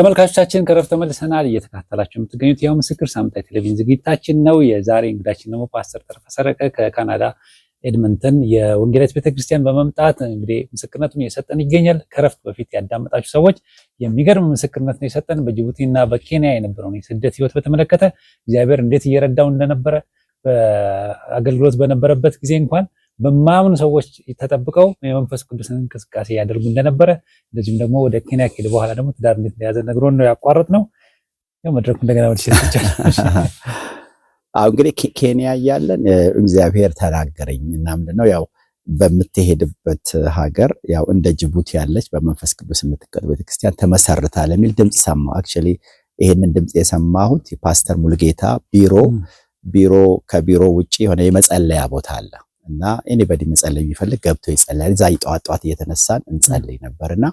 ተመልካቾቻችን ከረፍት ተመልሰናል። እየተካተላችሁ የምትገኙት ያው ምስክር ሳምንታዊ ቴሌቪዥን ዝግጅታችን ነው። የዛሬ እንግዳችን ደግሞ ፓስተር ተረፈ ሰረቀ ከካናዳ ኤድመንተን የወንጌላዊት ቤተክርስቲያን በመምጣት እንግዲህ ምስክርነቱን እየሰጠን ይገኛል። ከረፍት በፊት ያዳመጣችሁ ሰዎች የሚገርም ምስክርነት ነው የሰጠን። በጅቡቲ እና በኬንያ የነበረውን የስደት ህይወት በተመለከተ እግዚአብሔር እንዴት እየረዳው እንደነበረ በአገልግሎት በነበረበት ጊዜ እንኳን በማያምኑ ሰዎች ተጠብቀው የመንፈስ ቅዱስን እንቅስቃሴ ያደርጉ እንደነበረ እንደዚሁም ደግሞ ወደ ኬንያ ከሄደ በኋላ ደግሞ ትዳር እንዴት እንደያዘ ነግሮን ነው ያቋረጥ ነው። መድረኩ እንደገና መልስ ይቻላል። እንግዲህ ኬንያ እያለን እግዚአብሔር ተናገረኝ እና ምንድነው ያው በምትሄድበት ሀገር ያው እንደ ጅቡቲ ያለች በመንፈስ ቅዱስ የምትቀጥ ቤተክርስቲያን ተመሰርታ ለሚል ድምፅ ሰማሁ። አክቹዋሊ ይህንን ድምፅ የሰማሁት የፓስተር ሙልጌታ ቢሮ ቢሮ ከቢሮ ውጭ የሆነ የመጸለያ ቦታ አለ እና ኤኒበዲ መጸለይ ቢፈልግ ገብቶ ይጸለያል። እዛ ጠዋት ጠዋት እየተነሳን እንጸልይ ነበርና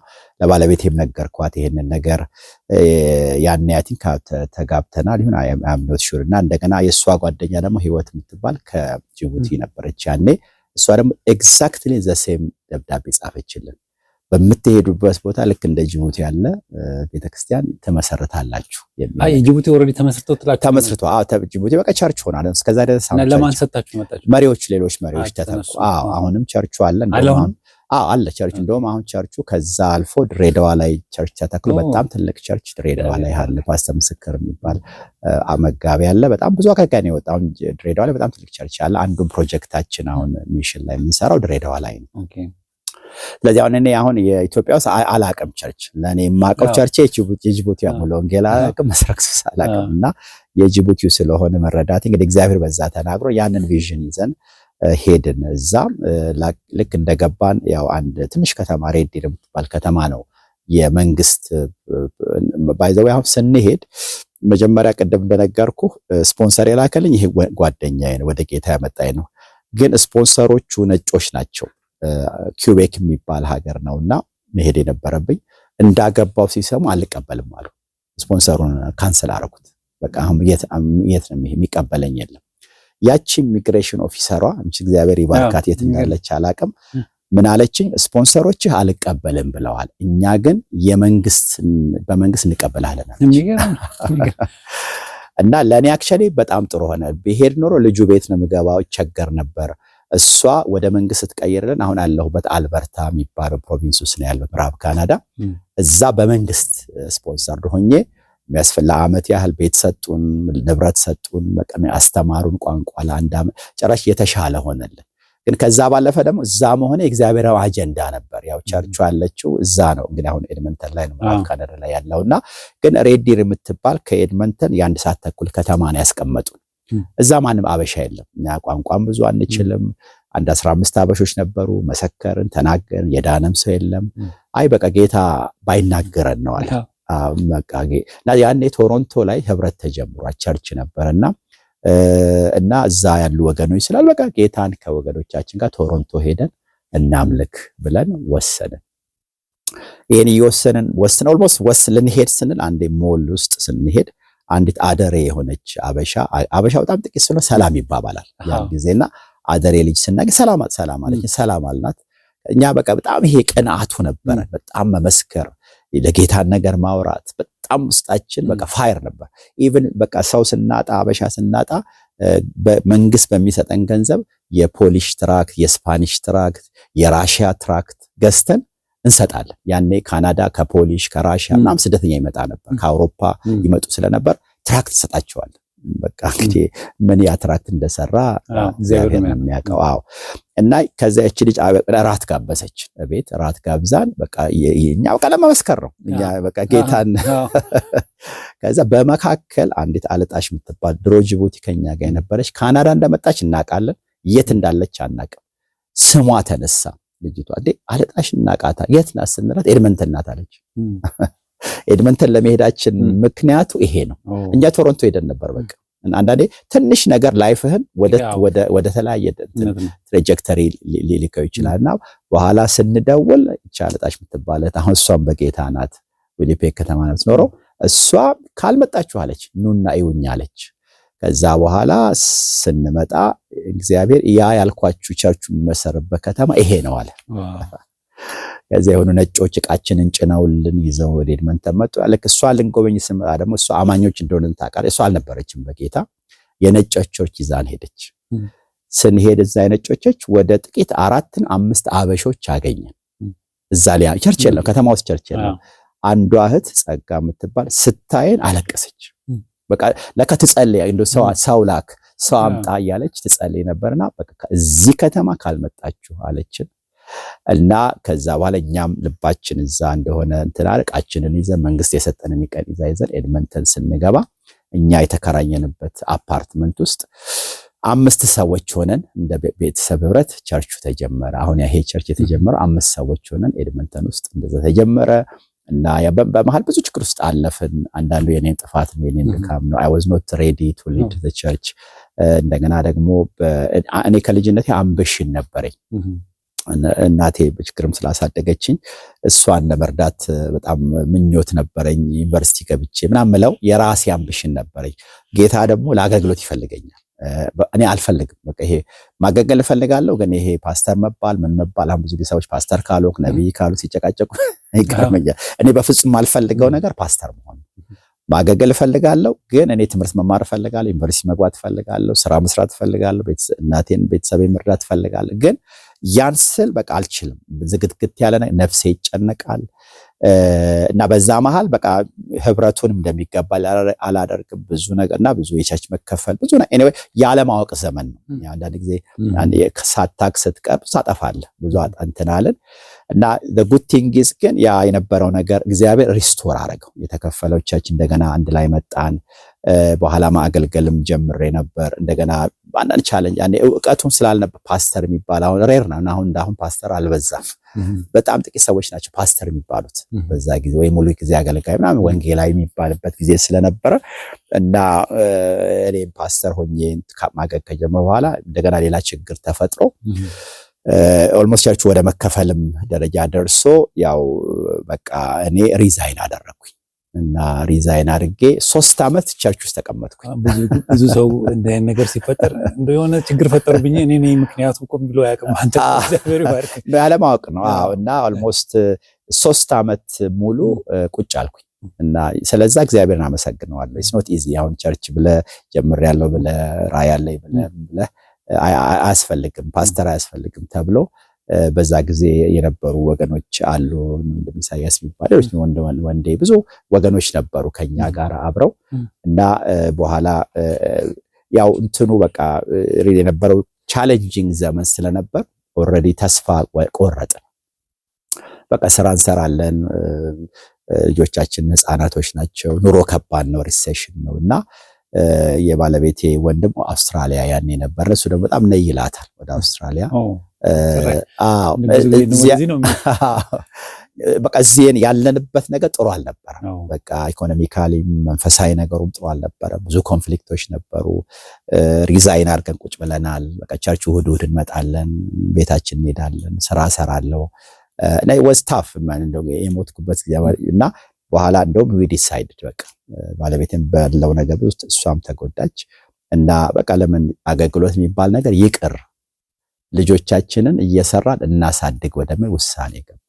ለባለቤቴም ነገርኳት ይሄንን ነገር ያን ያቲን ተጋብተናል ይሁን አምኖት ሹር እና እንደገና የእሷ ጓደኛ ደግሞ ህይወት የምትባል ከጅቡቲ ነበረች ያኔ እሷ ደግሞ ኤግዛክትሊ ዘሴም ደብዳቤ ጻፈችልን። በምትሄዱበት ቦታ ልክ እንደ ጅቡቲ ያለ ቤተክርስቲያን ትመሰርታላችሁ። ጅቡቲ ኦልሬዲ ተመስርቶ ጅቡቲ በቃ ቸርች ሆናል። እስከዛ ድረስ መሪዎች ሌሎች መሪዎች ተተኩ። አሁንም ቸርቹ አለ አለ ቸርች። እንደውም አሁን ቸርቹ ከዛ አልፎ ድሬዳዋ ላይ ቸርች ተተክሎ በጣም ትልቅ ቸርች ድሬዳዋ ላይ አለ። ፓስተ ምስክር የሚባል መጋቢ አለ። በጣም ብዙ አገልጋይ የወጣ አሁን ድሬዳዋ ላይ በጣም ትልቅ ቸርች አለ። አንዱን ፕሮጀክታችን አሁን ሚሽን ላይ የምንሰራው ድሬዳዋ ላይ ነው። ለዚህ አሁን እኔ አሁን የኢትዮጵያ ውስጥ አላቅም ቸርች ለእኔ የማቀው ቸርች የጅቡቲ ያሙለ ወንጌል አላቅም መስረክሱስ አላቅም እና የጅቡቲው ስለሆነ መረዳት እንግዲህ እግዚአብሔር በዛ ተናግሮ ያንን ቪዥን ይዘን ሄድን። እዛ ልክ እንደገባን ያው አንድ ትንሽ ከተማ ሬድ የምትባል ከተማ ነው የመንግስት ባይዘው አሁን ስንሄድ መጀመሪያ ቅድም እንደነገርኩ ስፖንሰር የላከልኝ ይሄ ጓደኛዬ ነው፣ ወደ ጌታ ያመጣኝ ነው። ግን ስፖንሰሮቹ ነጮች ናቸው። ኪውቤክ የሚባል ሀገር ነው እና መሄድ የነበረብኝ እንዳገባው ሲሰሙ አልቀበልም አሉ። ስፖንሰሩን ካንስል አደረኩት። በቃ አሁን የት ነው የሚቀበለኝ የለም። ያቺ ኢሚግሬሽን ኦፊሰሯ ምች እግዚአብሔር ይባርካት የት እንዳለች አላቅም። ምን አለችኝ? ስፖንሰሮችህ አልቀበልም ብለዋል። እኛ ግን የመንግስት በመንግስት እንቀበላለን እና ለእኔ አክቸሌ በጣም ጥሩ ሆነ። ብሄድ ኖሮ ልጁ ቤት ነው የምገባው፣ ይቸገር ነበር። እሷ ወደ መንግስት ስትቀየርልን አሁን አለሁበት አልበርታ የሚባለው ፕሮቪንስ ውስጥ ነው ያለው ምዕራብ ካናዳ። እዛ በመንግስት ስፖንሰር ሆኜ የሚያስፈላ አመት ያህል ቤት ሰጡን፣ ንብረት ሰጡን፣ አስተማሩን ቋንቋ ለአንድ አመት ጭራሽ የተሻለ ሆነልን። ግን ከዛ ባለፈ ደግሞ እዛ መሆነ የእግዚአብሔር አጀንዳ ነበር። ያው ቸርቹ ያለችው እዛ ነው። እንግዲህ አሁን ኤድመንተን ላይ ነው ምዕራብ ካናዳ ላይ ያለውና ግን ሬዲር የምትባል ከኤድመንተን የአንድ ሰዓት ተኩል ከተማ ነው ያስቀመጡን። እዛ ማንም አበሻ የለም። እኛ ቋንቋም ብዙ አንችልም። አንድ አስራ አምስት አበሾች ነበሩ። መሰከርን፣ ተናገርን። የዳነም ሰው የለም። አይ በቃ ጌታ ባይናገረን ነው አለ። እና ያኔ ቶሮንቶ ላይ ህብረት ተጀምሯል። ቸርች ነበር እና እና እዛ ያሉ ወገኖች ስላል በቃ ጌታን ከወገኖቻችን ጋር ቶሮንቶ ሄደን እናምልክ ብለን ወሰንን። ይህን እየወሰንን ወስን ኦልሞስት ወስ ልንሄድ ስንል አንዴ ሞል ውስጥ ስንሄድ አንዲት አደሬ የሆነች አበሻ አበሻ በጣም ጥቂት ስለሆነ ሰላም ይባባላል ያን ጊዜና አደሬ ልጅ ስናገኝ ሰላም ሰላም አለች ሰላም አልናት። እኛ በቃ በጣም ይሄ ቅንአቱ ነበረ። በጣም መመስከር፣ ለጌታን ነገር ማውራት በጣም ውስጣችን በቃ ፋየር ነበር። ኢቭን በቃ ሰው ስናጣ አበሻ ስናጣ መንግስት በሚሰጠን ገንዘብ የፖሊሽ ትራክት፣ የስፓኒሽ ትራክት፣ የራሽያ ትራክት ገዝተን እንሰጣለን። ያኔ ካናዳ ከፖሊሽ ከራሽያ ምናምን ስደተኛ ይመጣ ነበር፣ ከአውሮፓ ይመጡ ስለነበር ትራክት እንሰጣቸዋለን። በቃ እንግዲህ ምን ያትራክት እንደሰራ እግዚአብሔር ነው የሚያውቀው። አዎ እና ከዚያ እቺ ልጅ ራት ጋበሰች፣ ቤት ራት ጋብዛን። በቃ እኛ በቃ ለመመስከር ነው እኛ በቃ ጌታን። ከዛ በመካከል አንዲት አለጣሽ የምትባል ድሮ ጅቡቲ ከኛ ጋር የነበረች ካናዳ እንደመጣች እናውቃለን፣ የት እንዳለች አናውቅም። ስሟ ተነሳ። ልጅቷ እንዴ አለጣሽ እናቃታ የት ናት ስንላት ኤድመንተን ናት አለች። ኤድመንተን ለመሄዳችን ምክንያቱ ይሄ ነው። እኛ ቶሮንቶ ሄደን ነበር። በቃ አንዳንዴ ትንሽ ነገር ላይፍህን ወደ ተለያየ ትሬጀክተሪ ሊልከው ይችላል። እና በኋላ ስንደውል ይቻ አለጣሽ የምትባለት አሁን እሷም በጌታ ናት፣ ዊኒፔግ ከተማ ነው የምትኖረው። እሷ ካልመጣችሁ አለች ኑና እዩኝ አለች። ከዛ በኋላ ስንመጣ እግዚአብሔር ያ ያልኳችሁ ቸርች የሚመሰርበት ከተማ ይሄ ነው አለ። ከዚያ የሆኑ ነጮች እቃችንን ጭነውልን ይዘው ወደ ኤድመንተን መጡ። ልክ እሷን ልንጎበኝ ስንመጣ ደግሞ እሷ አማኞች እንደሆነ ታውቃለች። እሷ አልነበረችም በጌታ የነጮች ቸርች ይዛን ሄደች። ስንሄድ እዛ የነጮቾች ወደ ጥቂት አራትን አምስት አበሾች አገኘን። እዛ ቸርች የለም ከተማ ውስጥ ቸርች የለም። አንዷ እህት ጸጋ የምትባል ስታየን አለቀሰች። በቃ ለካ ትጸልይ እንደው ሰው ላክ ሰው አምጣ እያለች ትጸልይ ነበርና በቃ እዚህ ከተማ ካልመጣችሁ አለችን እና ከዛ በኋላ እኛም ልባችን እዛ እንደሆነ እንትና እቃችንን ይዘን መንግስት የሰጠንን ቀን ይዛ ይዘን ኤድመንተን ስንገባ እኛ የተከራየንበት አፓርትመንት ውስጥ አምስት ሰዎች ሆነን እንደ ቤተሰብ ህብረት ቸርቹ ተጀመረ። አሁን ይሄ ቸርች የተጀመረው አምስት ሰዎች ሆነን ኤድመንተን ውስጥ እንደዛ ተጀመረ። እና በመሀል ብዙ ችግር ውስጥ አለፍን። አንዳንዱ የኔን ጥፋት ነው፣ የኔን ድካም ነው። አይ ዋዝ ኖት ሬዲ ቱ ሊድ ዘ ቸርች። እንደገና ደግሞ እኔ ከልጅነት አምብሽን ነበረኝ። እናቴ በችግርም ስላሳደገችኝ እሷን ለመርዳት በጣም ምኞት ነበረኝ። ዩኒቨርሲቲ ገብቼ ምናምን ምለው የራሴ አምብሽን ነበረኝ። ጌታ ደግሞ ለአገልግሎት ይፈልገኛል እኔ አልፈልግም። በቃ ይሄ ማገልገል እፈልጋለሁ፣ ግን ይሄ ፓስተር መባል ምን መባል አሁን ብዙ ጊዜ ሰዎች ፓስተር ካልሆንክ ነቢይ ካሉ ሲጨቃጨቁ ይገርመኛል። እኔ በፍጹም ማልፈልገው ነገር ፓስተር መሆን። ማገልገል እፈልጋለሁ፣ ግን እኔ ትምህርት መማር እፈልጋለሁ፣ ዩኒቨርሲቲ መግባት እፈልጋለሁ፣ ስራ መስራት እፈልጋለሁ፣ እናቴን ቤተሰብ መርዳት እፈልጋለሁ። ግን ያን ስል በቃ አልችልም። ዝግትግት ያለ ነፍሴ ይጨነቃል። እና በዛ መሀል በቃ ህብረቱን እንደሚገባ አላደርግም ብዙ ነገር እና ብዙ የቸርች መከፈል ብዙ ኤኒዌይ ያለማወቅ ዘመን ነው። አንዳንድ ጊዜ ሳታክ ስትቀር ብዙ አጠፋለህ ብዙ አንትናለን እና ጉቲንጊስ ግን ያ የነበረው ነገር እግዚአብሔር ሪስቶር አረገው። የተከፈለው ቸርች እንደገና አንድ ላይ መጣን። በኋላ ማገልገልም ጀምሬ ነበር። እንደገና አንዳንድ ቻለንጅ ያኔ እውቀቱም ስላልነበር ፓስተር የሚባል አሁን ሬር ነው። አሁን እንዳሁን ፓስተር አልበዛም። በጣም ጥቂት ሰዎች ናቸው ፓስተር የሚባሉት በዛ ጊዜ፣ ወይ ሙሉ ጊዜ አገልጋይ ምናምን ወንጌላዊ የሚባልበት ጊዜ ስለነበረ እና እኔም ፓስተር ሆኜ ማገግ ከጀመረ በኋላ እንደገና ሌላ ችግር ተፈጥሮ ኦልሞስት ቸርች ወደ መከፈልም ደረጃ ደርሶ ያው በቃ እኔ ሪዛይን አደረግኩኝ እና ሪዛይን አድርጌ ሶስት ዓመት ቸርች ውስጥ ተቀመጥኩኝ። ብዙ ሰው እንደ ነገር ሲፈጠር እንደሆነ የሆነ ችግር ፈጠሩብኝ እኔ ነኝ ምክንያቱ ቆም ብሎ ያቅም አንተ ያለማወቅ ነው። አዎ እና ኦልሞስት ሶስት ዓመት ሙሉ ቁጭ አልኩኝ። እና ስለዛ እግዚአብሔርን አመሰግነዋለሁ። ኢትስ ኖት ኢዚ አሁን ቸርች ያለው ብለ ብለህ ራዕይ ብለ ብለህ አያስፈልግም ፓስተር አያስፈልግም ተብሎ በዛ ጊዜ የነበሩ ወገኖች አሉ። ኢሳያስ የሚባለ ወንዴ ብዙ ወገኖች ነበሩ ከኛ ጋር አብረው እና በኋላ ያው እንትኑ በቃ የነበረው ቻሌንጂንግ ዘመን ስለነበር ኦልሬዲ ተስፋ ቆረጥ በቃ ስራ እንሰራለን። ልጆቻችን ህፃናቶች ናቸው። ኑሮ ከባድ ነው። ሪሴሽን ነው እና የባለቤቴ ወንድም አውስትራሊያ ያኔ ነበር። እሱ ደግሞ በጣም ነይ ይላታል ወደ አውስትራሊያ። በቃ እዚህን ያለንበት ነገር ጥሩ አልነበረም። በቃ ኢኮኖሚካሊ መንፈሳዊ ነገሩም ጥሩ አልነበረ። ብዙ ኮንፍሊክቶች ነበሩ። ሪዛይን አድርገን ቁጭ ብለናል። በቃ ቸርች እሑድ እሑድ እንመጣለን፣ ቤታችን እንሄዳለን፣ ስራ ሰራለው ወስታፍ የሞትኩበት እና በኋላ እንደውም ዊ ዲሳይድ በቃ ባለቤትም በለው ነገር ውስጥ እሷም ተጎዳች እና በቃ ለምን አገልግሎት የሚባል ነገር ይቅር፣ ልጆቻችንን እየሰራን እናሳድግ ወደምን ውሳኔ ገባ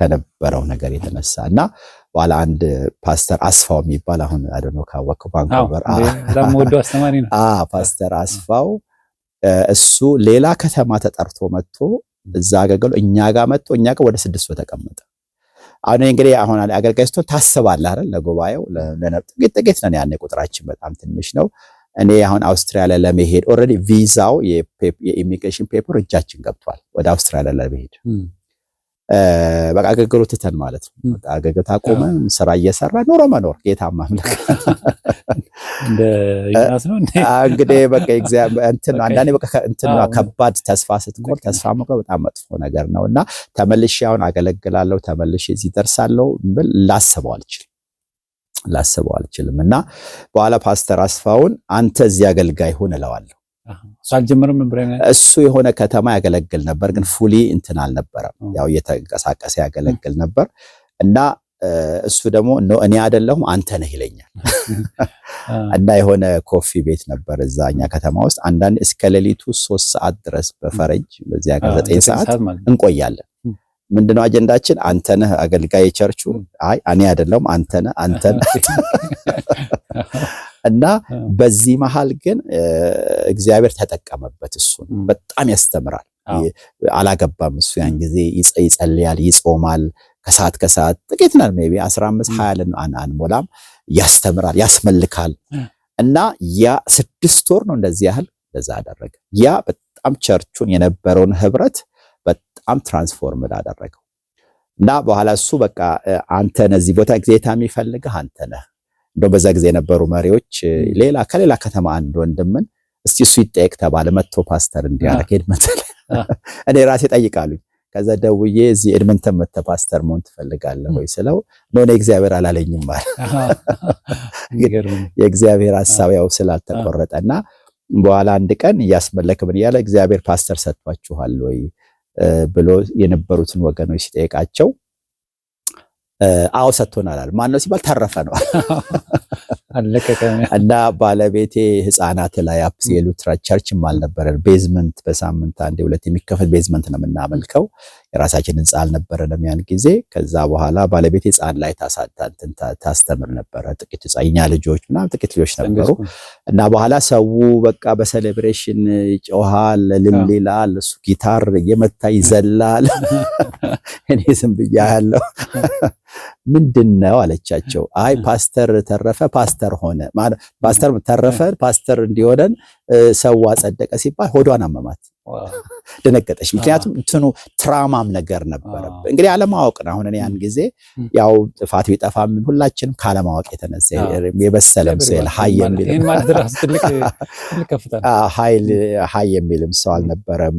ከነበረው ነገር የተነሳ እና በኋላ አንድ ፓስተር አስፋው የሚባል አሁን አደኖ ካወቅ ቫንኮቨር ፓስተር አስፋው እሱ ሌላ ከተማ ተጠርቶ መጥቶ እዛ አገልግሎ እኛ ጋር መጥቶ እኛ ጋር ወደ ስድስት ተቀመጠ። አሁን እንግዲህ አሁን አገልጋይ ስትሆን ታስባለህ አይደል? ለጉባኤው ለነብጥ ጥቂት ነን። ያኔ ቁጥራችን በጣም ትንሽ ነው። እኔ አሁን አውስትራሊያ ለመሄድ ኦልሬዲ ቪዛው የኢሚግሬሽን ፔፐር እጃችን ገብቷል። ወደ አውስትራሊያ ለመሄድ በቃ አገልግሎት ትተን ማለት ነው። አገልግሎት አቆመን ስራ እየሰራ ኖሮ መኖር ጌታ ማምለክ እንግዲህ በቃ እንትን አንዳንዴ በቃ እንትን ከባድ ተስፋ ስትቆር ተስፋ መቁረጥ በጣም መጥፎ ነገር ነው እና ተመልሼ አሁን አገለግላለሁ ተመልሼ እዚህ ደርሳለሁ ብል ላስበው አልችልም ላስበው አልችልም እና በኋላ ፓስተር አስፋውን አንተ እዚህ አገልጋይ ሁን እለዋለሁ እሱ የሆነ ከተማ ያገለግል ነበር፣ ግን ፉሊ እንትን አልነበረም። ያው እየተንቀሳቀሰ ያገለግል ነበር እና እሱ ደግሞ እኔ አይደለሁም አንተ ነህ ይለኛል። እና የሆነ ኮፊ ቤት ነበር እዛ እኛ ከተማ ውስጥ አንዳንድ እስከ ሌሊቱ ሶስት ሰዓት ድረስ በፈረጅ በዚያ ዘጠኝ ሰዓት እንቆያለን። ምንድነው አጀንዳችን? አንተነህ አገልጋይ ቸርቹ። አይ እኔ አይደለሁም አንተ ነህ እና በዚህ መሀል ግን እግዚአብሔር ተጠቀመበት። እሱን በጣም ያስተምራል። አላገባም እሱ ያን ጊዜ ይጸልያል፣ ይጾማል። ከሰዓት ከሰዓት ጥቂት ነን ሜይ ቢ አስራ አምስት ሀያ አንሞላም። ያስተምራል፣ ያስመልካል እና ያ ስድስት ወር ነው እንደዚህ ያህል ለዛ አደረገ። ያ በጣም ቸርቹን የነበረውን ህብረት በጣም ትራንስፎርም አደረገው እና በኋላ እሱ በቃ አንተ ነህ እዚህ ቦታ ግዜታ የሚፈልግህ አንተ ነህ እንደው በዛ ጊዜ የነበሩ መሪዎች ሌላ ከሌላ ከተማ አንድ ወንድምን እስቲ እሱ ይጠየቅ ተባለ። መጥቶ ፓስተር እንዲያረክ ኤድመንተን እኔ ራሴ ጠይቃሉኝ። ከዛ ደውዬ እዚህ ኤድመንተን መተ ፓስተር መሆን ትፈልጋለህ ወይ ስለው እንደሆነ እግዚአብሔር አላለኝም አለ። የእግዚአብሔር ሀሳብ ያው ስላልተቆረጠ እና በኋላ አንድ ቀን እያስመለክምን እያለ እግዚአብሔር ፓስተር ሰጥቷችኋል ወይ ብሎ የነበሩትን ወገኖች ሲጠይቃቸው አዎ ሰጥቶናል አለ። ማነው ሲባል ተረፈ ነው እና ባለቤቴ ህፃናት ላይ አፕስ አፕሴሉ ቸርችም አልነበረን። ቤዝመንት በሳምንት አንዴ ሁለት የሚከፈት ቤዝመንት ነው የምናመልከው። የራሳችን ህንፃ አልነበረንም ያን ጊዜ። ከዛ በኋላ ባለቤቴ ህፃን ላይ ታስተምር ነበረ። ጥቂት እኛ ልጆች ምናምን ጥቂት ልጆች ነበሩ እና በኋላ ሰው በቃ በሴሌብሬሽን ይጮሃል፣ እልል ይላል። እሱ ጊታር እየመታ ይዘላል። እኔ ዝም ብያ ያለው ምንድን ነው አለቻቸው። አይ ፓስተር ተረፈ ፓስተር ሆነ ፓስተር ተረፈ ፓስተር እንዲሆነን ሰው አጸደቀ ሲባል ሆዷን አመማት፣ ደነገጠች። ምክንያቱም እንትኑ ትራማም ነገር ነበረ። እንግዲህ አለማወቅ ነው። አሁን ያን ጊዜ ያው ጥፋት ቢጠፋም ሁላችንም ካለማወቅ የተነሳ የበሰለም ስል ሀይ የሚልም ሀይ የሚልም ሰው አልነበረም።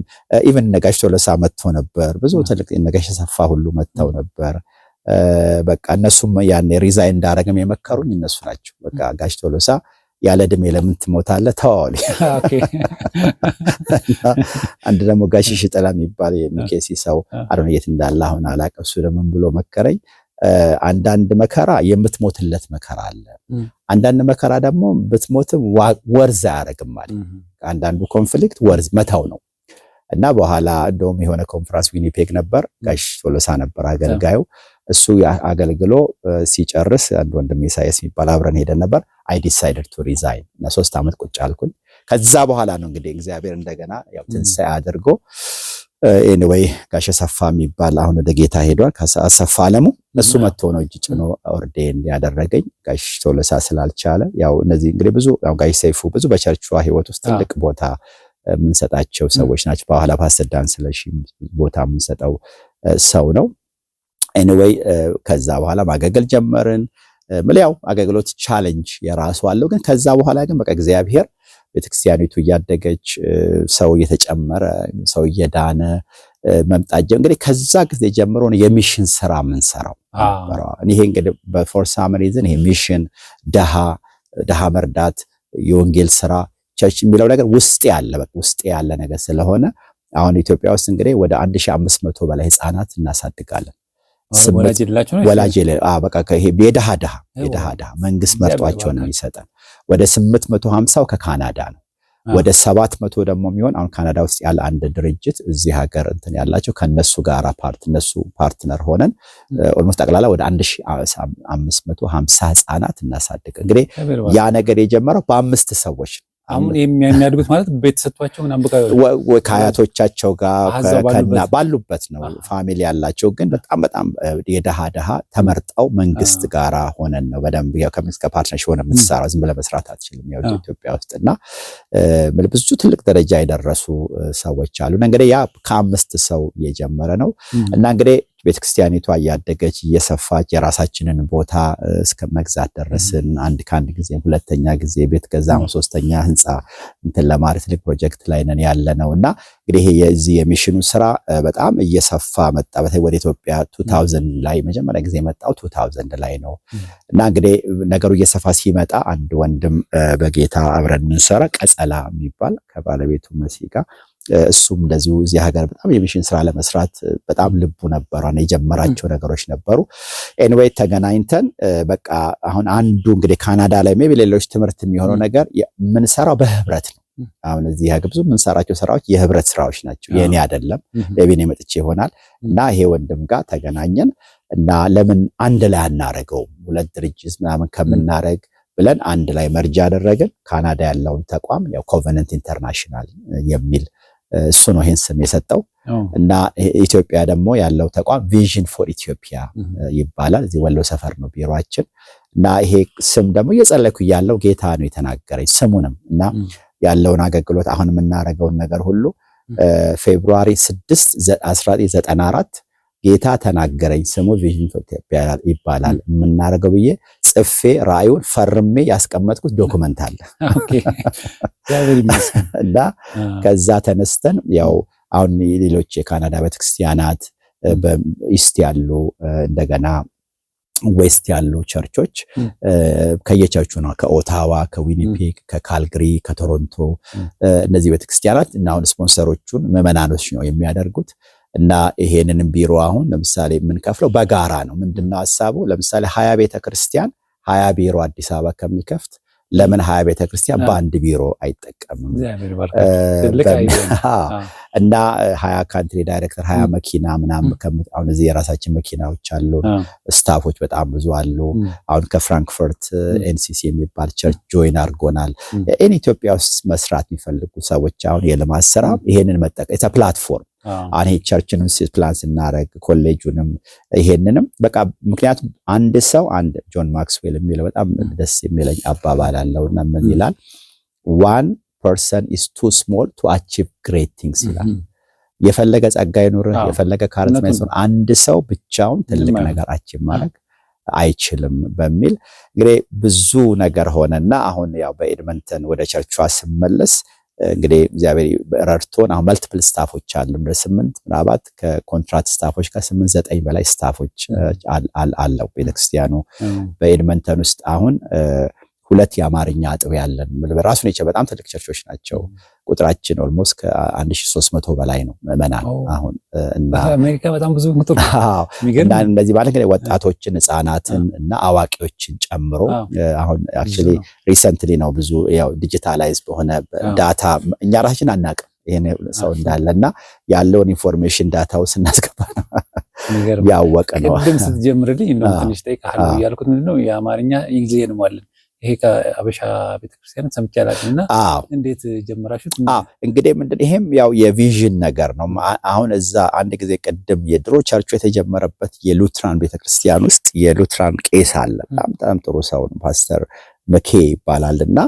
ኢቨን ነጋሽ ቶለሳ መጥቶ ነበር። ብዙ ትልቅ ነጋሽ የሰፋ ሁሉ መጥተው ነበር። በቃ እነሱም ያኔ ሪዛይን እንዳረግም የመከሩኝ እነሱ ናቸው። በቃ ጋሽ ቶሎሳ ያለ እድሜ ለምን ትሞታለህ? ተዋዋል። አንድ ደግሞ ጋሽ ሽጠላ የሚባል የሚኬሲ ሰው አሁን እንዳለ አሁን አላውቅም። እሱ ደግሞ ብሎ መከረኝ፣ አንዳንድ መከራ የምትሞትለት መከራ አለ። አንዳንድ መከራ ደግሞ ብትሞትም ወርዝ አያደርግም አለ። አንዳንዱ ኮንፍሊክት ወርዝ መተው ነው እና በኋላ እንደውም የሆነ ኮንፍራንስ ዊኒፔግ ነበር። ጋሽ ቶሎሳ ነበር አገልጋዩ እሱ አገልግሎ ሲጨርስ አንድ ወንድም ኢሳያስ የሚባል አብረን ሄደን ነበር። አይ ዲሳይደድ ቱ ሪዛይን እና ሶስት ዓመት ቁጭ አልኩኝ። ከዛ በኋላ ነው እንግዲህ እግዚአብሔር እንደገና ያው ትንሣኤ አድርጎ ኤኒዌይ ጋሽ ሰፋ የሚባል አሁን ወደ ጌታ ሄዷል። ከሰፋ አለሙ እሱ መጥቶ ነው እጅ ጭኖ ኦርዴን ያደረገኝ ጋሽ ቶለሳ ስላልቻለ ያው እነዚህ እንግዲህ ብዙ ያው ጋሽ ሰይፉ ብዙ በቸርቿ ህይወት ውስጥ ትልቅ ቦታ የምንሰጣቸው ሰዎች ናቸው። በኋላ ፓስተር ዳን ስለሺ ቦታ የምንሰጠው ሰው ነው። ኤኒዌይ eh, ከዛ በኋላ ማገልገል ጀመርን። eh, ምልያው አገልግሎት ቻሌንጅ የራሱ አለው። ግን ከዛ በኋላ ግን በቃ እግዚአብሔር ቤተክርስቲያኒቱ እያደገች eh፣ ሰው እየተጨመረ ሰው እየዳነ መምጣት ጀመረ። እንግዲህ ከዛ ጊዜ ጀምሮ የሚሽን ስራ የምንሰራው ይሄ እንግዲህ በፎር ሳም ሪዝን ይሄ ሚሽን ድሃ ድሃ መርዳት የወንጌል ስራ ቸርች የሚለው ነገር ውስጥ ያለ በቃ ውስጥ ያለ ነገር ስለሆነ አሁን ኢትዮጵያ ውስጥ እንግዲህ ወደ 1500 በላይ ህፃናት እናሳድጋለን። ወላጅ በቃ ይሄ የድሃ ድሃ የድሃ መንግስት መርጧቸው ነው የሚሰጠን። ወደ ስምንት መቶ ሀምሳው ከካናዳ ነው። ወደ ሰባት መቶ ደግሞ የሚሆን አሁን ካናዳ ውስጥ ያለ አንድ ድርጅት እዚህ ሀገር እንትን ያላቸው ከነሱ ጋር ፓርት እነሱ ፓርትነር ሆነን ኦልሞስት ጠቅላላ ወደ አንድ ሺ አምስት መቶ ሀምሳ ህጻናት እናሳድግ። እንግዲህ ያ ነገር የጀመረው በአምስት ሰዎች ነው አሁን የሚያድጉት ማለት ቤተሰቷቸው ምናምን ከአያቶቻቸው ጋር ባሉበት ነው። ፋሚሊ ያላቸው ግን በጣም በጣም የደሃ ደሃ ተመርጠው መንግስት ጋር ሆነን ነው በደንብ ከመንግስት ጋር ፓርትነርሺፕ ሆነ የምትሰራ ዝም ብለህ መስራት አትችልም ያው ኢትዮጵያ ውስጥ እና ብዙ ትልቅ ደረጃ የደረሱ ሰዎች አሉ። እንግዲህ ያ ከአምስት ሰው እየጀመረ ነው እና እንግዲህ ቤተክርስቲያኒቷ እያደገች እየሰፋች የራሳችንን ቦታ እስከ መግዛት ደረስን። አንድ ከአንድ ጊዜ ሁለተኛ ጊዜ ቤት ገዛ ሶስተኛ ህንፃ እንትን ለማለት ትልቅ ፕሮጀክት ላይ ነን ያለ ነው እና እንግዲህ የዚህ የሚሽኑ ስራ በጣም እየሰፋ መጣ። በተለይ ወደ ኢትዮጵያ ቱ ታውዘንድ ላይ መጀመሪያ ጊዜ የመጣው ቱ ታውዘንድ ላይ ነው እና እንግዲህ ነገሩ እየሰፋ ሲመጣ አንድ ወንድም በጌታ አብረን እንሰራ ቀጸላ የሚባል ከባለቤቱ መሲጋ እሱም እንደዚሁ እዚህ ሀገር በጣም የሚሽን ስራ ለመስራት በጣም ልቡ ነበረን። የጀመራቸው ነገሮች ነበሩ። ኤንዌይ ተገናኝተን በቃ አሁን አንዱ እንግዲህ ካናዳ ላይ ሜቢ ሌሎች ትምህርት የሚሆነው ነገር የምንሰራው በህብረት ነው። አሁን እዚህ ሀገር ብዙ የምንሰራቸው ስራዎች የህብረት ስራዎች ናቸው። የእኔ አይደለም ቤኔ መጥቼ ይሆናል እና ይሄ ወንድም ጋር ተገናኘን እና ለምን አንድ ላይ አናረገውም ሁለት ድርጅት ምናምን ከምናረግ ብለን አንድ ላይ መርጃ አደረግን። ካናዳ ያለውን ተቋም ያው ኮቨነንት ኢንተርናሽናል የሚል እሱ ነው ይህን ስም የሰጠው እና ኢትዮጵያ ደግሞ ያለው ተቋም ቪዥን ፎር ኢትዮጵያ ይባላል። እዚህ ወሎ ሰፈር ነው ቢሮችን እና ይሄ ስም ደግሞ እየጸለኩ ያለው ጌታ ነው የተናገረኝ ስሙንም እና ያለውን አገልግሎት አሁን የምናደርገውን ነገር ሁሉ ፌብሩዋሪ 6 1994 ጌታ ተናገረኝ። ስሙ ቪዥን ኢትዮጵያ ይባላል። የምናደርገው ብዬ ጽፌ ራእዩን ፈርሜ ያስቀመጥኩት ዶክመንት አለ እና ከዛ ተነስተን ያው አሁን ሌሎች የካናዳ ቤተክርስቲያናት በኢስት ያሉ እንደገና ዌስት ያሉ ቸርቾች ከየቸርቹ ነው። ከኦታዋ፣ ከዊኒፔግ፣ ከካልግሪ፣ ከቶሮንቶ እነዚህ ቤተክርስቲያናት እና አሁን ስፖንሰሮቹን ምዕመናኖች ነው የሚያደርጉት። እና ይሄንንም ቢሮ አሁን ለምሳሌ የምንከፍለው በጋራ ነው። ምንድነው ሀሳቡ? ለምሳሌ ሀያ ቤተ ክርስቲያን ሀያ ቢሮ አዲስ አበባ ከሚከፍት ለምን ሀያ ቤተ ክርስቲያን በአንድ ቢሮ አይጠቀምም? እና ሀያ ካንትሪ ዳይሬክተር ሀያ መኪና ምናምን አሁን እዚህ የራሳችን መኪናዎች አሉ። ስታፎች በጣም ብዙ አሉ። አሁን ከፍራንክፈርት ኤንሲሲ የሚባል ቸርች ጆይን አድርጎናል። ኢን ኢትዮጵያ ውስጥ መስራት የሚፈልጉ ሰዎች አሁን የልማት ስራ ይሄንን መጠቀም ፕላትፎርም አኔ ቸርችንም ፕላን ስናደረግ ኮሌጁንም ይሄንንም በቃ ምክንያቱም አንድ ሰው አንድ ጆን ማክስዌል የሚለው በጣም ደስ የሚለኝ አባባል አለው እና ምን ይላል? ዋን ፐርሰን ኢስ ቱ ስሞል ቱ አቺቭ ግሬት ቲንግስ ይላል። የፈለገ ጸጋ ይኑርህ፣ የፈለገ ካሪዝማ ይኑርህ፣ አንድ ሰው ብቻውን ትልቅ ነገር አቺቭ ማድረግ አይችልም በሚል እንግዲህ ብዙ ነገር ሆነና አሁን ያው በኤድመንተን ወደ ቸርቿ ስመለስ እንግዲህ እግዚአብሔር ረድቶን አሁን መልቲፕል ስታፎች አሉ። እንደ ስምንት ምናባት ከኮንትራት ስታፎች ጋር ስምንት ዘጠኝ በላይ ስታፎች አለው ቤተክርስቲያኑ በኤድመንተን ውስጥ አሁን ሁለት የአማርኛ አጥቢያ ያለን ራሱን የቻለ በጣም ትልቅ ቸርቾች ናቸው። ቁጥራችን ኦልሞስት ከ1300 በላይ ነው ምዕመናን አሁን እና አሜሪካ በጣም ብዙ ቁጥር እና እንደዚህ ማለት እንግዲህ ወጣቶችን፣ ህፃናትን እና አዋቂዎችን ጨምሮ አሁን አክቹዋሊ ሪሰንትሊ ነው ብዙ ያው ዲጂታላይዝ በሆነ ዳታ እኛ ራሳችን አናቅም ይህን ሰው እንዳለ እና ያለውን ኢንፎርሜሽን ዳታው ስናስገባ ነው ያወቀ ነው። ቅድም ስትጀምርልኝ ነው ትንሽ ጠይቅ ያልኩት ምንድን ነው የአማርኛ እንግሊዝኛ እንሟለን ይሄ ከአበሻ ቤተክርስቲያን ሰምቼ አላውቅም። እና እንዴት ጀመራችሁት? እንግዲህ ምንድን ይሄም ያው የቪዥን ነገር ነው። አሁን እዛ አንድ ጊዜ ቅድም የድሮ ቸርቹ የተጀመረበት የሉትራን ቤተክርስቲያን ውስጥ የሉትራን ቄስ አለ። በጣም ጥሩ ሰው ነው፣ ፓስተር መኬ ይባላል እና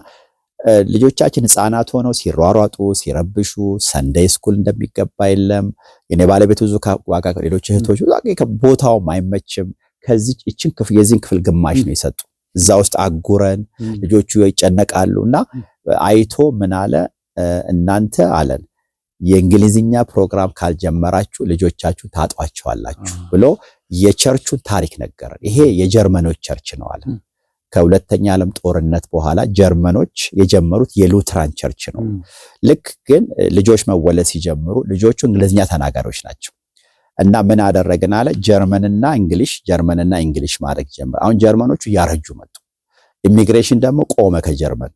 ልጆቻችን ህፃናት ሆነው ሲሯሯጡ ሲረብሹ፣ ሰንደይ ስኩል እንደሚገባ የለም። የኔ ባለቤት ብዙ ዋጋ ሌሎች እህቶች ቦታውም አይመችም። ከዚህ እችን ክፍል የዚህን ክፍል ግማሽ ነው የሰጡ እዛ ውስጥ አጉረን ልጆቹ ይጨነቃሉ። እና አይቶ ምን አለ እናንተ አለን የእንግሊዝኛ ፕሮግራም ካልጀመራችሁ ልጆቻችሁ ታጧቸዋላችሁ ብሎ የቸርቹን ታሪክ ነገረን። ይሄ የጀርመኖች ቸርች ነው አለ። ከሁለተኛ ዓለም ጦርነት በኋላ ጀርመኖች የጀመሩት የሉትራን ቸርች ነው። ልክ ግን ልጆች መወለድ ሲጀምሩ ልጆቹ እንግሊዝኛ ተናጋሪዎች ናቸው። እና ምን አደረግን አለ ጀርመንና እንግሊሽ ጀርመንና እንግሊሽ ማድረግ ጀመረ። አሁን ጀርመኖቹ ያረጁ መጡ። ኢሚግሬሽን ደግሞ ቆመ። ከጀርመን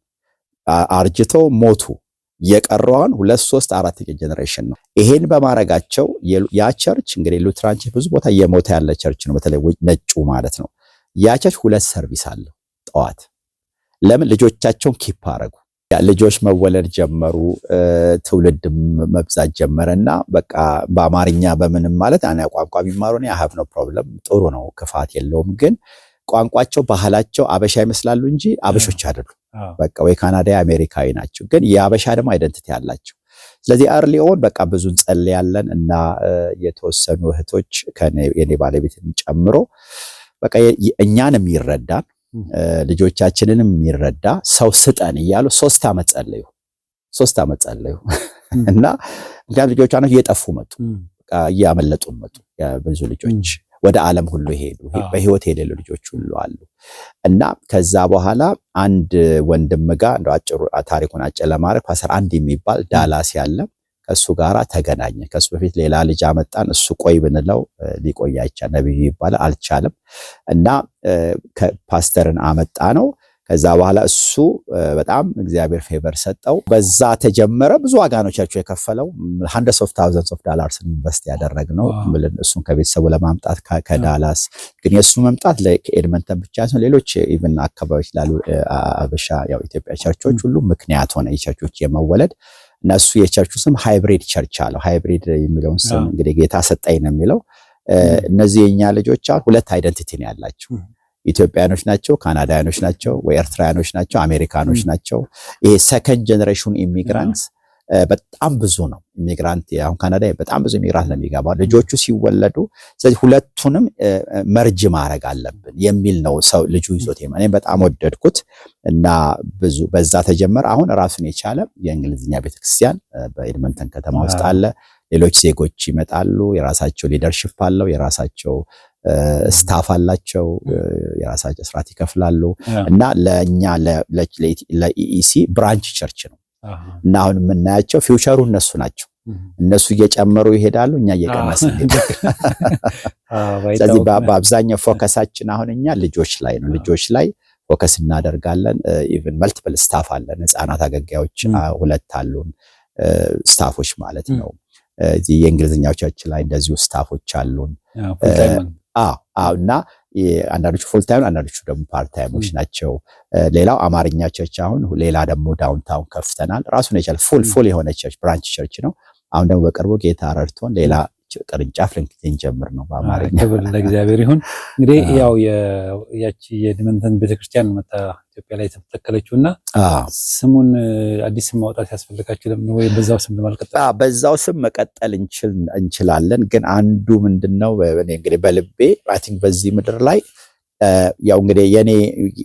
አርጅተው ሞቱ። የቀረውን ሁለት ሶስት አራት ጀኔሬሽን ነው። ይሄን በማድረጋቸው ያ ቸርች እንግዲህ ሉትራን ቸርች ብዙ ቦታ እየሞተ ያለ ቸርች ነው። በተለይ ነጩ ማለት ነው። ያ ቸርች ሁለት ሰርቪስ አለው። ጠዋት ለምን ልጆቻቸውን ኪፕ አረጉ ልጆች መወለድ ጀመሩ፣ ትውልድ መብዛት ጀመረ እና በቃ በአማርኛ በምንም ማለት አና ቋንቋ የሚማሩ ሀብ ነው ፕሮብለም ጥሩ ነው፣ ክፋት የለውም። ግን ቋንቋቸው ባህላቸው አበሻ ይመስላሉ እንጂ አበሾች አይደሉ። በቃ ወይ ካናዳ አሜሪካዊ ናቸው፣ ግን የአበሻ ደግሞ አይደንቲቲ አላቸው። ስለዚህ አርሊ ኦን በቃ ብዙ እንጸልያለን እና የተወሰኑ እህቶች የኔ ባለቤትን ጨምሮ በቃ እኛንም የሚረዳን ልጆቻችንንም የሚረዳ ሰው ስጠን እያሉ ሶስት ዓመት ጸለዩ። ሶስት ዓመት ጸለዩ እና ምክንያቱም ልጆቿ ነው እየጠፉ መጡ፣ እያመለጡ መጡ። ብዙ ልጆች ወደ ዓለም ሁሉ ሄዱ። በህይወት የሌሉ ልጆች ሁሉ አሉ እና ከዛ በኋላ አንድ ወንድም ጋር እንደው አጭሩ ታሪኩን አጭር ለማድረግ ፓስተር አንድ የሚባል ዳላስ ያለ ከእሱ ጋር ተገናኘ። ከሱ በፊት ሌላ ልጅ አመጣን። እሱ ቆይ ብንለው ሊቆይ አይቻል ነብዩ ይባላል አልቻለም። እና ፓስተርን አመጣ ነው። ከዛ በኋላ እሱ በጣም እግዚአብሔር ፌቨር ሰጠው። በዛ ተጀመረ። ብዙ ዋጋ ነው ቸርቹ የከፈለው ሀንድረድስ ኦፍ ታውዘንድስ ኦፍ ዳላርስን ኢንቨስት ያደረግነው እሱን ከቤተሰቡ ለማምጣት ከዳላስ ግን የእሱ መምጣት ከኤድመንተን ብቻ ሲሆን ሌሎች ኢቨን አካባቢዎች ላሉ አበሻ ያው ኢትዮጵያ ቸርቾች ሁሉ ምክንያት ሆነ የቸርቾች የመወለድ እና እሱ የቸርቹ ስም ሃይብሪድ ቸርች አለው። ሃይብሪድ የሚለውን ስም እንግዲህ ጌታ ሰጠኝ ነው የሚለው። እነዚህ የኛ ልጆች አሁን ሁለት አይደንቲቲ ነው ያላቸው። ኢትዮጵያኖች ናቸው፣ ካናዳያኖች ናቸው፣ ወይ ኤርትራያኖች ናቸው፣ አሜሪካኖች ናቸው። ይሄ ሰከንድ ጀኔሬሽን ኢሚግራንት በጣም ብዙ ነው። ኢሚግራንት አሁን ካናዳ በጣም ብዙ ኢሚግራንት ነው የሚገባው ልጆቹ ሲወለዱ። ስለዚህ ሁለቱንም መርጅ ማድረግ አለብን የሚል ነው ሰው ልጁ ይዞት። እኔም በጣም ወደድኩት እና ብዙ በዛ ተጀመረ። አሁን ራሱን የቻለ የእንግሊዝኛ ቤተክርስቲያን በኤድመንተን ከተማ ውስጥ አለ። ሌሎች ዜጎች ይመጣሉ። የራሳቸው ሊደርሽፕ አለው። የራሳቸው ስታፍ አላቸው። የራሳቸው ስርዓት ይከፍላሉ እና ለእኛ ለኢኢሲ ብራንች ቸርች ነው እና አሁን የምናያቸው ፊውቸሩ እነሱ ናቸው። እነሱ እየጨመሩ ይሄዳሉ፣ እኛ እየቀነስ ስለዚህ በአብዛኛው ፎከሳችን አሁን እኛ ልጆች ላይ ነው። ልጆች ላይ ፎከስ እናደርጋለን። ኢቨን መልቲፕል ስታፍ አለን። ህጻናት አገልጋዮች ሁለት አሉን፣ ስታፎች ማለት ነው። እዚህ የእንግሊዝኛዎቻችን ላይ እንደዚሁ ስታፎች አሉን እና አንዳንዶቹ ፉል ታይም አንዳንዶቹ ደግሞ ፓርት ታይሞች ናቸው። ሌላው አማርኛ ቸርች አሁን ሌላ ደግሞ ዳውንታውን ከፍተናል። ራሱን የቻለ ፉል ፉል የሆነ ቸርች ብራንች ቸርች ነው። አሁን ደግሞ በቅርቡ ጌታ ረድቶን ሌላ ቅርንጫፍ ልንክድን ጀምር ነው በአማርኛ። ክብር ለእግዚአብሔር ይሁን። እንግዲህ ያው ያቺ የድመንተን ቤተክርስቲያን መታ ኢትዮጵያ ላይ የተተከለችው እና ስሙን አዲስ ስም ማውጣት ያስፈልጋችሁ ለምን ወይ በዛው ስም ለማልቀጠል? በዛው ስም መቀጠል እንችላለን። ግን አንዱ ምንድነው እኔ እንግዲህ በልቤ አይ ቲንክ በዚህ ምድር ላይ ያው እንግዲህ የኔ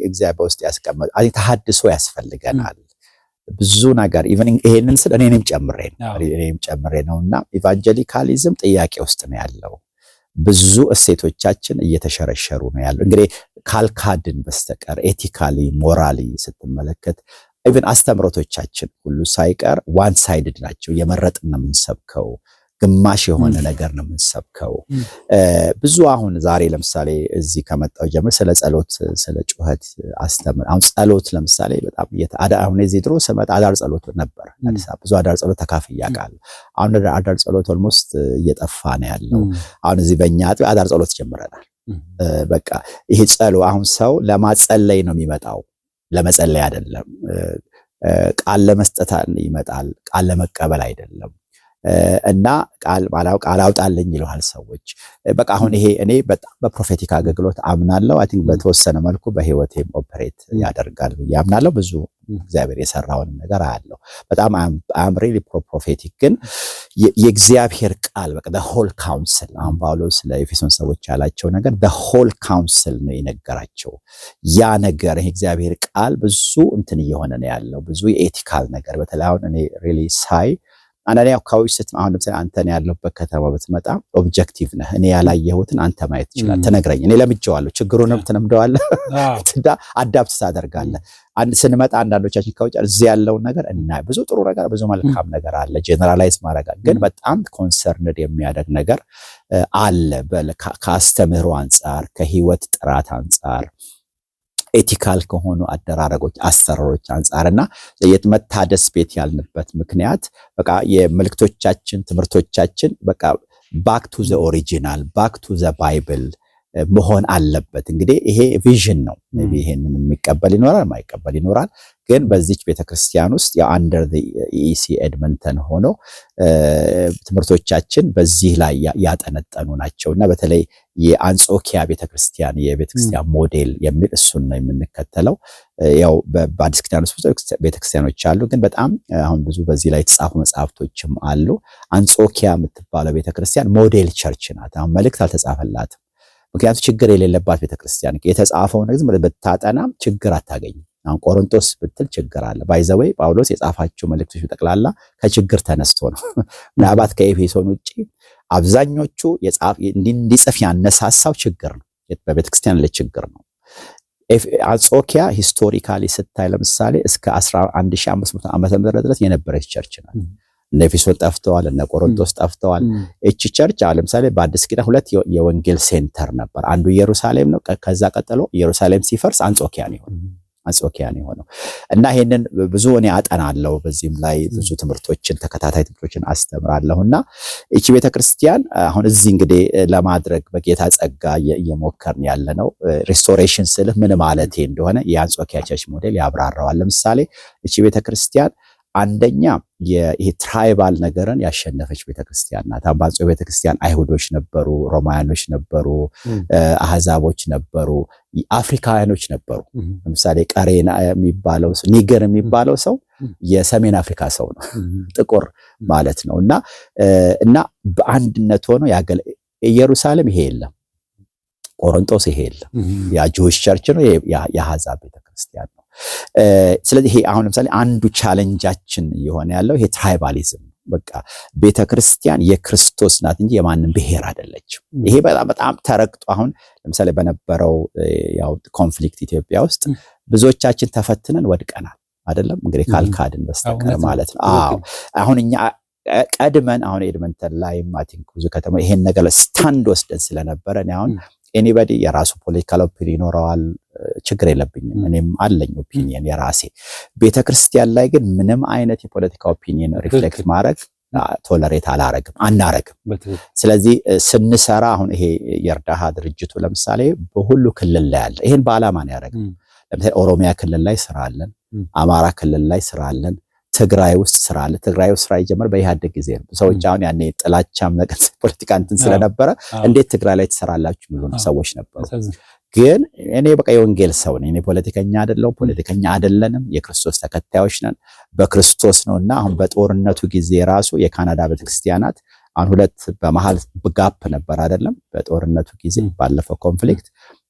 እግዚአብሔር ውስጥ ያስቀመጠ አይ ተሐድሶ ያስፈልገናል ብዙ ነገር ኢቨን ይሄንን ስል እኔንም ጨምሬ ነው እኔንም ጨምሬ ነው እና ኢቫንጀሊካሊዝም ጥያቄ ውስጥ ነው ያለው። ብዙ እሴቶቻችን እየተሸረሸሩ ነው ያለው። እንግዲህ ካልካድን በስተቀር ኤቲካሊ ሞራሊ ስትመለከት ኢቨን አስተምሮቶቻችን ሁሉ ሳይቀር ዋን ሳይድድ ናቸው። የመረጥን ነው የምንሰብከው። ግማሽ የሆነ ነገር ነው የምንሰብከው። ብዙ አሁን ዛሬ ለምሳሌ እዚህ ከመጣው ጀምር ስለ ጸሎት፣ ስለ ጩኸት አስተምር። አሁን ጸሎት ለምሳሌ በጣም አሁን እዚህ ድሮ ስመጣ አዳር ጸሎት ነበር ብዙ አዳር ጸሎት ተካፍ እያቃል። አሁን አዳር ጸሎት ኦልሞስት እየጠፋ ነው ያለው። አሁን እዚህ በእኛ አጥቢያ አዳር ጸሎት ጀምረናል። በቃ ይሄ ጸሎ አሁን ሰው ለማጸለይ ነው የሚመጣው ለመጸለይ አይደለም። ቃል ለመስጠት ይመጣል፣ ቃል ለመቀበል አይደለም። እና ቃል ባላው ቃል አውጣልኝ ይለዋል ሰዎች። በቃ አሁን ይሄ እኔ በጣም በፕሮፌቲክ አገልግሎት አምናለሁ። አይ ቲንክ በተወሰነ መልኩ በህይወቴም ኦፕሬት ያደርጋል ብዬ አምናለሁ። ብዙ እግዚአብሔር የሰራውን ነገር አያለሁ። በጣም አም ሪሊ ፕሮፌቲክ ግን የእግዚአብሔር ቃል በቃ ሆል ካውንስል አሁን ጳውሎስ ለኤፌሶን ሰዎች ያላቸው ነገር ሆል ካውንስል ነው የነገራቸው። ያ ነገር ይሄ እግዚአብሔር ቃል ብዙ እንትን እየሆነ ነው ያለው ብዙ የኤቲካል ነገር በተለይ አሁን እኔ ሪሊ ሳይ አንዳንዴ አካባቢ ስት አሁን ለምሳሌ አንተን ያለሁበት ከተማ ብትመጣ ኦብጀክቲቭ ነህ። እኔ ያላየሁትን አንተ ማየት ትችላለህ፣ ትነግረኝ፣ እኔ ለምጄዋለሁ፣ ችግሩንም ትነምደዋለህ፣ ትዳ አዳፕት ታደርጋለህ። ስንመጣ አንዳንዶቻችን ከውጭ እዚህ ያለውን ነገር እና ብዙ ጥሩ ነገር ብዙ መልካም ነገር አለ። ጀነራላይዝ ማድረጋል ግን በጣም ኮንሰርንድ የሚያደርግ ነገር አለ ከአስተምህሮ አንጻር ከህይወት ጥራት አንጻር ኤቲካል ከሆኑ አደራረጎች፣ አሰራሮች አንጻርና የመታደስ ቤት ያልንበት ምክንያት በቃ የመልክቶቻችን ትምህርቶቻችን በቃ ባክ ቱ ዘ ኦሪጂናል ባክ ቱ ዘ ባይብል መሆን አለበት። እንግዲህ ይሄ ቪዥን ነው። ይሄንን የሚቀበል ይኖራል፣ የማይቀበል ይኖራል። ግን በዚች ቤተክርስቲያን ውስጥ የአንደር ኢሲ ኤድመንተን ሆኖ ትምህርቶቻችን በዚህ ላይ ያጠነጠኑ ናቸው እና በተለይ የአንጾኪያ ቤተክርስቲያን የቤተክርስቲያን ሞዴል የሚል እሱን ነው የምንከተለው። ያው በአዲስ ኪዳን ውስጥ ቤተክርስቲያኖች አሉ፣ ግን በጣም አሁን ብዙ በዚህ ላይ የተጻፉ መጽሐፍቶችም አሉ። አንጾኪያ የምትባለው ቤተክርስቲያን ሞዴል ቸርች ናት። አሁን መልእክት አልተጻፈላትም ምክንያቱ ችግር የሌለባት ቤተክርስቲያን የተጻፈውን ዝም ብለህ ብታጠና ችግር አታገኝም። አሁን ቆሮንቶስ ብትል ችግር አለ። ባይዘወይ ጳውሎስ የጻፋቸው መልእክቶች ጠቅላላ ከችግር ተነስቶ ነው። ምናልባት ከኤፌሶን ውጭ አብዛኞቹ እንዲጽፍ ያነሳሳው ችግር ነው፣ በቤተክርስቲያን ላይ ችግር ነው። አንጾኪያ ሂስቶሪካሊ ስታይ ለምሳሌ እስከ 11500 ዓመተ ምህረት ድረስ የነበረች ቸርች ናት። እነ ኤፌሶን ጠፍተዋል፣ እነ ቆሮንቶስ ጠፍተዋል። እቺ ቸርች ለምሳሌ በአዲስ ኪዳን ሁለት የወንጌል ሴንተር ነበር። አንዱ ኢየሩሳሌም ነው። ከዛ ቀጥሎ ኢየሩሳሌም ሲፈርስ አንጾኪያ ነው የሆነው አንጾኪያ ነው የሆነው እና ይሄንን ብዙ እኔ አጠናለሁ። በዚህም ላይ ብዙ ትምህርቶችን ተከታታይ ትምህርቶችን አስተምራለሁ እና እቺ ቤተክርስቲያን አሁን እዚህ እንግዲህ ለማድረግ በጌታ ጸጋ እየሞከርን ያለ ነው። ሪስቶሬሽን ስልህ ምን ማለቴ እንደሆነ የአንጾኪያ ቸርች ሞዴል ያብራራዋል። ለምሳሌ እቺ ቤተክርስቲያን አንደኛ ይሄ ትራይባል ነገርን ያሸነፈች ቤተክርስቲያን ናት። አባጾ ቤተክርስቲያን አይሁዶች ነበሩ፣ ሮማያኖች ነበሩ፣ አህዛቦች ነበሩ፣ አፍሪካውያኖች ነበሩ። ለምሳሌ ቀሬና የሚባለው ኒገር የሚባለው ሰው የሰሜን አፍሪካ ሰው ነው፣ ጥቁር ማለት ነው። እና እና በአንድነት ሆነው ያገለ ኢየሩሳሌም ይሄ የለም፣ ቆሮንጦስ ይሄ የለም። ያ ቸርች ነው፣ የአህዛብ ቤተክርስቲያን ነው። ስለዚህ ይሄ አሁን ለምሳሌ አንዱ ቻለንጃችን እየሆነ ያለው ይሄ ትራይባሊዝም በቃ ቤተ ክርስቲያን የክርስቶስ ናት እንጂ የማንም ብሔር አይደለችም። ይሄ በጣም በጣም ተረግጦ አሁን ለምሳሌ በነበረው ያው ኮንፍሊክት ኢትዮጵያ ውስጥ ብዙዎቻችን ተፈትነን ወድቀናል። አይደለም እንግዲህ ካልካድን በስተቀር ማለት ነው። አዎ አሁን እኛ ቀድመን አሁን ኤድመንተን ላይ ማቲንክ ብዙ ከተማ ይሄን ነገር ስታንድ ወስደን ስለነበረ አሁን ኤኒበዲ የራሱ ፖለቲካል ኦፒኒን ይኖረዋል። ችግር የለብኝም። እኔም አለኝ ኦፒኒየን የራሴ። ቤተክርስቲያን ላይ ግን ምንም አይነት የፖለቲካ ኦፒኒየን ሪፍሌክት ማድረግ ቶለሬት አላረግም አናረግም። ስለዚህ ስንሰራ አሁን ይሄ የእርዳሃ ድርጅቱ ለምሳሌ በሁሉ ክልል ላይ አለ። ይሄን በዓላማ ነው ያደረግም። ለምሳሌ ኦሮሚያ ክልል ላይ ስራ አለን፣ አማራ ክልል ላይ ስራ አለን፣ ትግራይ ውስጥ ስራ አለ። ትግራይ ውስጥ ስራ ይጀምር በኢህአደግ ጊዜ ነው። ሰዎች አሁን ያኔ ጥላቻም ነቀስ ፖለቲካ እንትን ስለነበረ እንዴት ትግራይ ላይ ትሰራላችሁ የሚሉ ሰዎች ነበሩ። ግን እኔ በቃ የወንጌል ሰው ነኝ። እኔ ፖለቲከኛ አይደለሁም፣ ፖለቲከኛ አይደለንም፣ የክርስቶስ ተከታዮች ነን። በክርስቶስ ነው እና አሁን በጦርነቱ ጊዜ ራሱ የካናዳ ቤተክርስቲያናት አሁን ሁለት በመሀል ጋፕ ነበር አይደለም። በጦርነቱ ጊዜ ባለፈው ኮንፍሊክት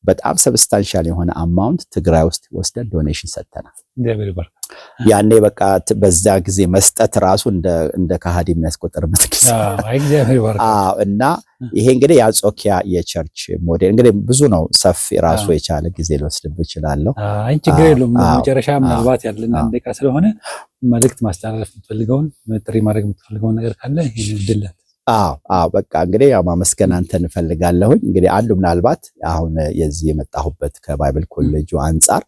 በጣም ሰብስታንሻል የሆነ አማውንት ትግራይ ውስጥ ወስደን ዶኔሽን ሰጥተናል። ያኔ በቃ በዛ ጊዜ መስጠት ራሱ እንደ ከሃዲ የሚያስቆጠር እና ይሄ እንግዲህ የአንጾኪያ የቸርች ሞዴል እንግዲህ ብዙ ነው። ሰፊ ራሱ የቻለ ጊዜ ልወስድብ እችላለሁ። አይ ችግር የለውም። መጨረሻ ምናልባት ያለን አንደቃ ስለሆነ መልእክት ማስተላለፍ የምትፈልገውን ጥሪ ማድረግ የምትፈልገውን ነገር ካለ ይህን ድለት አዎ አዎ በቃ እንግዲህ ያው ማመስገን አንተ እንፈልጋለሁኝ። እንግዲህ አንዱ ምናልባት አሁን የዚህ የመጣሁበት ከባይብል ኮሌጁ አንጻር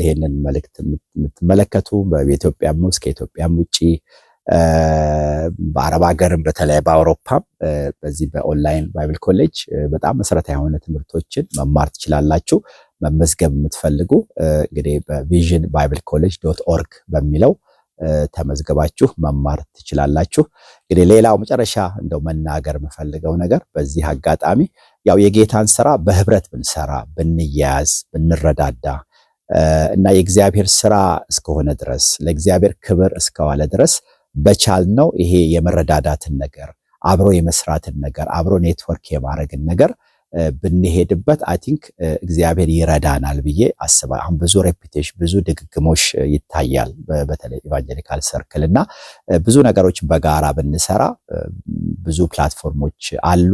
ይሄንን መልእክት የምትመለከቱ በኢትዮጵያም ውስጥ ከኢትዮጵያም ውጭ በአረብ ሀገርም በተለይ በአውሮፓም በዚህ በኦንላይን ባይብል ኮሌጅ በጣም መሰረታዊ የሆነ ትምህርቶችን መማር ትችላላችሁ። መመዝገብ የምትፈልጉ እንግዲህ በቪዥን ባይብል ኮሌጅ ዶት ኦርግ በሚለው ተመዝግባችሁ መማር ትችላላችሁ። እንግዲህ ሌላው መጨረሻ እንደው መናገር የምፈልገው ነገር በዚህ አጋጣሚ ያው የጌታን ስራ በህብረት ብንሰራ፣ ብንያያዝ፣ ብንረዳዳ እና የእግዚአብሔር ስራ እስከሆነ ድረስ ለእግዚአብሔር ክብር እስከዋለ ድረስ በቻል ነው ይሄ የመረዳዳትን ነገር አብሮ የመስራትን ነገር አብሮ ኔትወርክ የማድረግን ነገር ብንሄድበት አይ ቲንክ እግዚአብሔር ይረዳናል ብዬ አስባ አሁን ብዙ ሬፒቴሽን ብዙ ድግግሞሽ ይታያል፣ በተለይ ኢቫንጀሊካል ሰርክል እና ብዙ ነገሮች በጋራ ብንሰራ ብዙ ፕላትፎርሞች አሉ።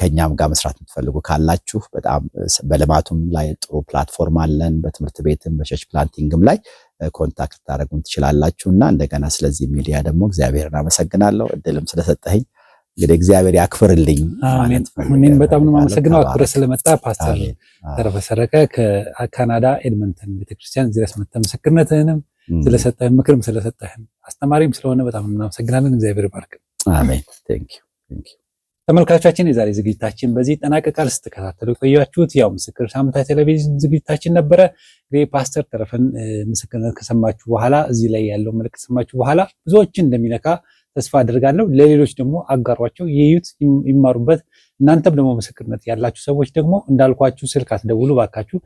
ከኛም ጋር መስራት የምትፈልጉ ካላችሁ በጣም በልማቱም ላይ ጥሩ ፕላትፎርም አለን። በትምህርት ቤትም በቸርች ፕላንቲንግም ላይ ኮንታክት ታደረጉን ትችላላችሁ እና እንደገና ስለዚህ ሚዲያ ደግሞ እግዚአብሔርን አመሰግናለሁ እድልም ስለሰጠኝ እንግዲህ እግዚአብሔር ያክፍርልኝ። እኔም በጣም ነው የማመሰግነው አክብረ ስለመጣ ፓስተር ተረፈ ሰረቀ ከካናዳ ኤድመንተን ቤተክርስቲያን እዚህ ድረስ ምስክርነትህንም ስለሰጠህን ምክርም ስለሰጠህን አስተማሪም ስለሆነ በጣም እናመሰግናለን። እግዚአብሔር ባርክ። አሜን። ተመልካቾቻችን የዛሬ ዝግጅታችን በዚህ ጠናቀቃል። ስትከታተሉ የቆያችሁት ያው ምስክር ሳምንታዊ ቴሌቪዥን ዝግጅታችን ነበረ። እንግዲህ ፓስተር ተረፈን ምስክርነት ከሰማችሁ በኋላ እዚህ ላይ ያለው መልእክት ከሰማችሁ በኋላ ብዙዎችን እንደሚነካ ተስፋ አድርጋለሁ ለሌሎች ደግሞ አጋሯቸው፣ ይዩት፣ ይማሩበት። እናንተም ደግሞ ምስክርነት ያላችሁ ሰዎች ደግሞ እንዳልኳችሁ ስልክ አትደውሉ ባካችሁ።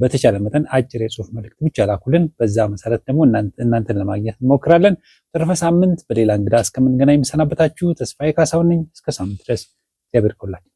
በተቻለ መጠን አጭር የጽሁፍ መልእክት ብቻ ላኩልን። በዛ መሰረት ደግሞ እናንተን ለማግኘት እንሞክራለን። ተረፈ ሳምንት በሌላ እንግዳ እስከምንገናኝ የምሰናበታችሁ ተስፋዬ ካሳሁን ነኝ። እስከ ሳምንት ድረስ እግዚአብሔር